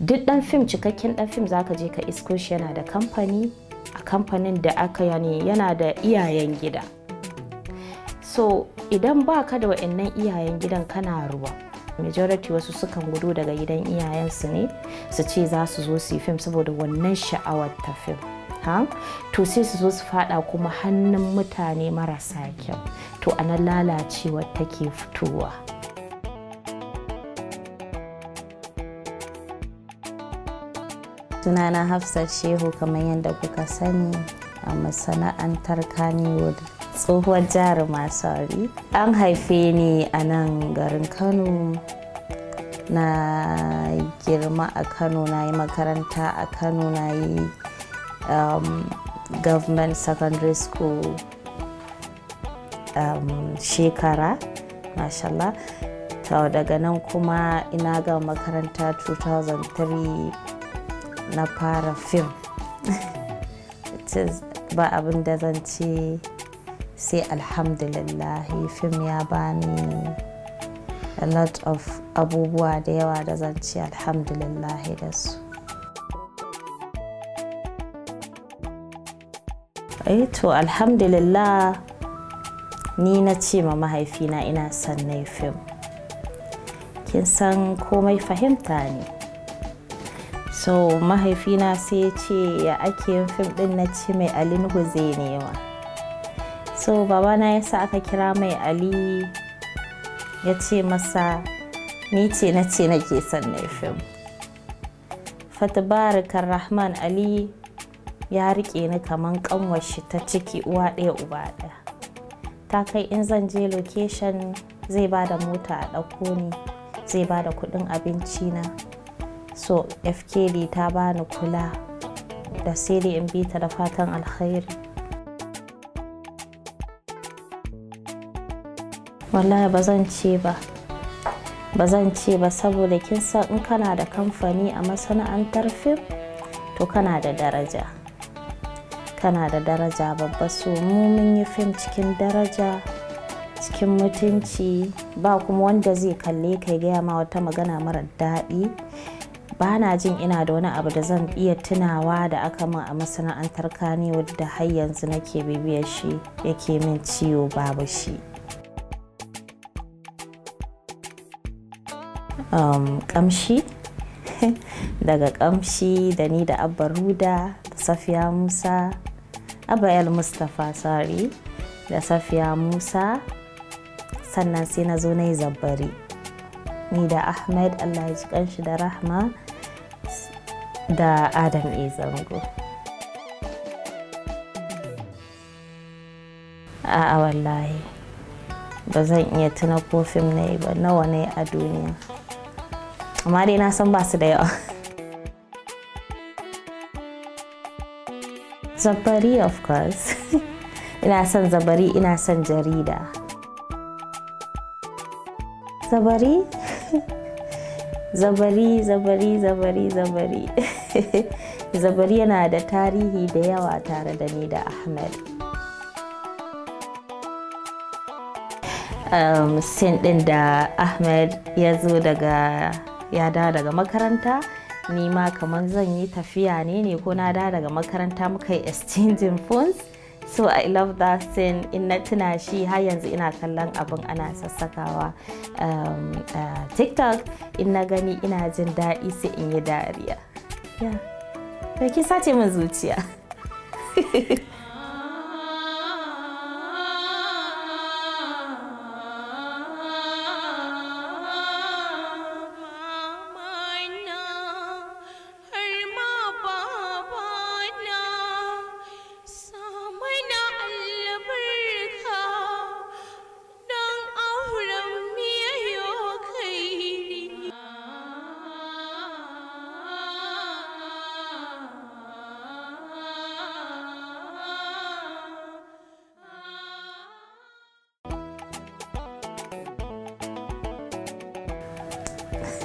duk dan fim cikakken dan fim zaka je ka isko shi yana da kamfani a kamfanin da aka yani yana da iyayen gida so idan baka da wa'annan iyayen gidan kana ruwa majority wasu sukan gudu daga gidan iyayensu ne su ce za su zo su yi fim saboda wannan sha'awar ta fim to sai su zo su fada kuma hannun mutane marasa kyau to anan lalacewa take fitowa sunana hafsat shehu kamar yadda kuka sani a masana'antar kaniwood tsohuwar jihar masari an haife ni a nan garin kano na girma a kano na yi makaranta a kano na yi um, government secondary school um, shekara mashallah to daga nan kuma ina ga makaranta 2003 na fara fim ba abin da zan ce sai alhamdulillahi fim ya bani a lot of abubuwa da yawa da zan ce alhamdulillahi da su eh to alhamdulillah ni na ce ma mahaifina ina son na fim kin san komai fahimta ne so mahaifina sai ya ce ya ake yin fim din na ci mai ali nuhu zai nema so babana ya sa aka kira mai ali ya ce masa ni ce na ce na ke son na fim fatabarikar rahman ali ya rike ni kaman kanwashi ta ciki uwa ɗaya uba ɗaya ta kai in zan je location zai ba da mota a ɗauko ni zai ba da kuɗin abinci na so fkd ta bani kula da siri in bi da fatan alkhairi wallahi ba zan ce ba ba zan ce ba saboda kin san in kana da kamfani a masana'antar fim to kana da daraja kana da daraja babba so mu mun yi fim cikin daraja cikin mutunci ba kuma wanda zai kalle kai gaya ma wata magana mara daɗi ba na jin ina da wani abu da zan iya tunawa da aka min a masana'antar kaniwood da har yanzu nake bibiyar shi yake min ciwo babu shi um, kamshi daga kamshi da ni da abba ruda da safiya musa abba el mustapha sari da safiya musa sannan sai na zo na yi zabbari ni da ahmed allah ya ji kanshi da rahma da adam e zango a wallahi ba zan iya tuna ko fim na ba nawa ne a duniya amma dai na san ba su da yawa zabari of course ina son zabari ina son jarida zabari zabari zabari zabari zabari zabari yana da tarihi da yawa tare da ni da ahmed um, sin din da ahmed ya zo daga ya dawo daga makaranta ni ma kamar zan yi tafiya ne ne ko na da daga makaranta muka yi exchanging phones so i love that scene in na tuna shi har yanzu ina kallon abin ana sassakawa um, tiktok in na gani ina jin daɗi sai in yi dariya yeah. ke sace min zuciya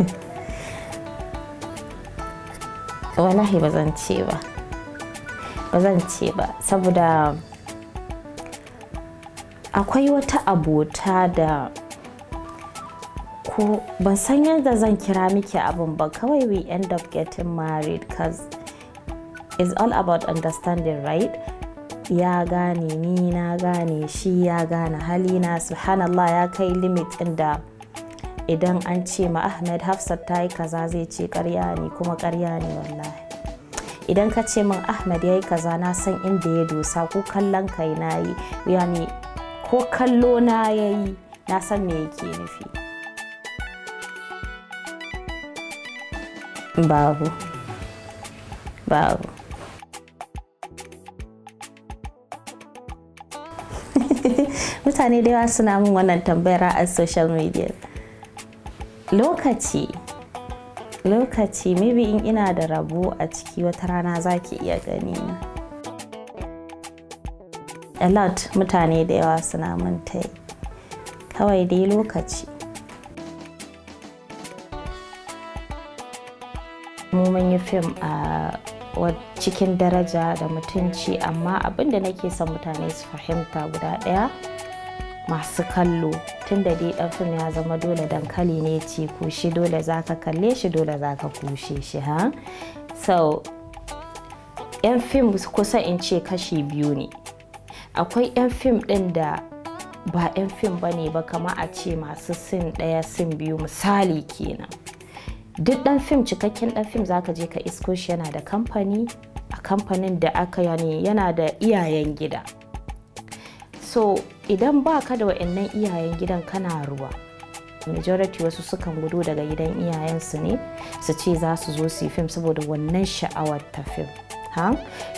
wallahi ba zan ce ba ba zan ce ba saboda akwai wata abota da ko ban san yadda zan kira miki abin ba kawai we end up getting married cause it's all about understanding right ya gane ni na gane shi ya gane halina subhanallah ya kai limit inda da idan an ce ma ahmed hafsat ta yi kaza zai ce karya ne kuma karya ne wallahi idan ka ce min ahmed ya yi kaza na san inda ya dosa ko kallon kai na yi yani ko kallo na ya yi na san me yake nufi babu babu mutane da yawa suna min wannan tambayar a social media lokaci lokaci maybe in ina da rabo a ciki wata rana za ki iya gani a lot mutane da yawa suna mun kawai dai lokaci mu mun yi fim a cikin daraja da mutunci amma abinda nake son mutane su fahimta guda ɗaya masu kallo tunda dai ɗan fim ya zama dole dankali ne ce kushi dole za ka kalle shi dole za ka kushe shi ha so yan fim kusa in ce kashi biyu ne akwai yan fim din da ba yan fim ba ne ba kama a ce masu sin ɗaya sin biyu misali kenan duk dan fim cikakken dan fim zaka je ka isko shi yana da kamfani a kamfanin da aka yana da iyayen gida so idan ba ka da wa'annan iyayen gidan kana ruwa majority wasu sukan gudu daga gidan iyayensu ne su ce za su zo su yi fim saboda wannan sha'awar ta fim ha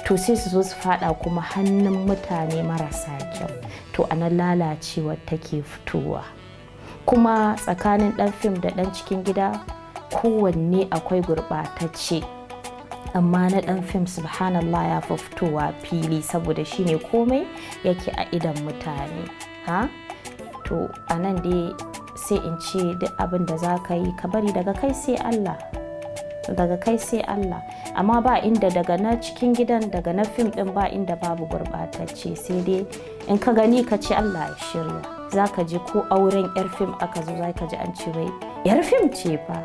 to sai su zo su fada kuma hannun mutane marasa kyau to a nan lalacewar take fitowa kuma tsakanin dan fim da dan cikin gida kowanne akwai gurɓatacce amma na dan fim subhanallah ya fi fitowa fili saboda shine komai yake a idan mutane ha to a nan dai sai in ce duk abin da za ka yi ka bari daga kai sai allah daga kai sai Allah amma ba inda daga na cikin gidan daga na fim din ba inda babu gurɓatacce sai dai in ka gani ka ce Allah ya shirya za ka ji ko auren yar fim aka zo za ka ji an ce bai yar fim ce ba.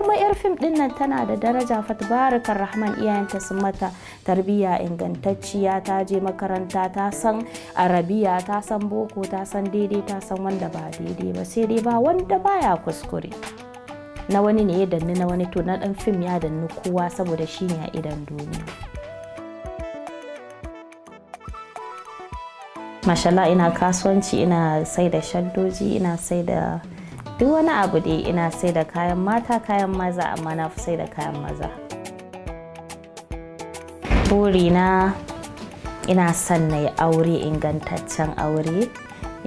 kuma yar fim din nan tana da daraja fatbarakar rahman iyayenta sun mata tarbiyya ingantacciya ta je makaranta ta san arabiya ta san boko ta san daidai ta san wanda ba daidai ba sai dai ba wanda baya kuskure na wani ne ya danni na wani to na dan fim ya danni kowa saboda shi ne a idan duniya mashallah ina kasuwanci ina sai da shaddoji ina sai da duk wani abu dai ina sai da kayan mata kayan maza amma na fi sai da kayan maza burina ina son na yi aure ingantaccen aure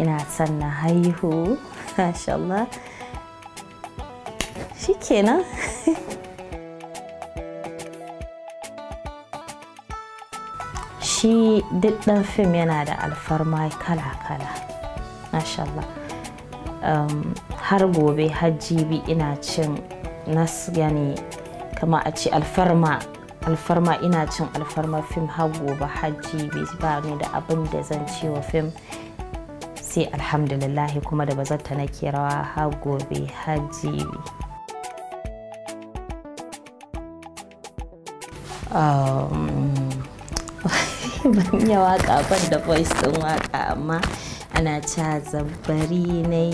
ina son na haihu mashallah kenan shi duk ɗan fim yana da alfarma kala-kala mashallah um, har gobe hajjibi ina cin nas gani kama a ce alfarma alfarma ina cin alfarma fim har gobe hajjibi ba ni da abin da zan ce wa fim sai alhamdulillahi kuma da bazarta ke rawa har gobe hajjibi um, ban yawa waka da voice din waka amma ana ca zabbari na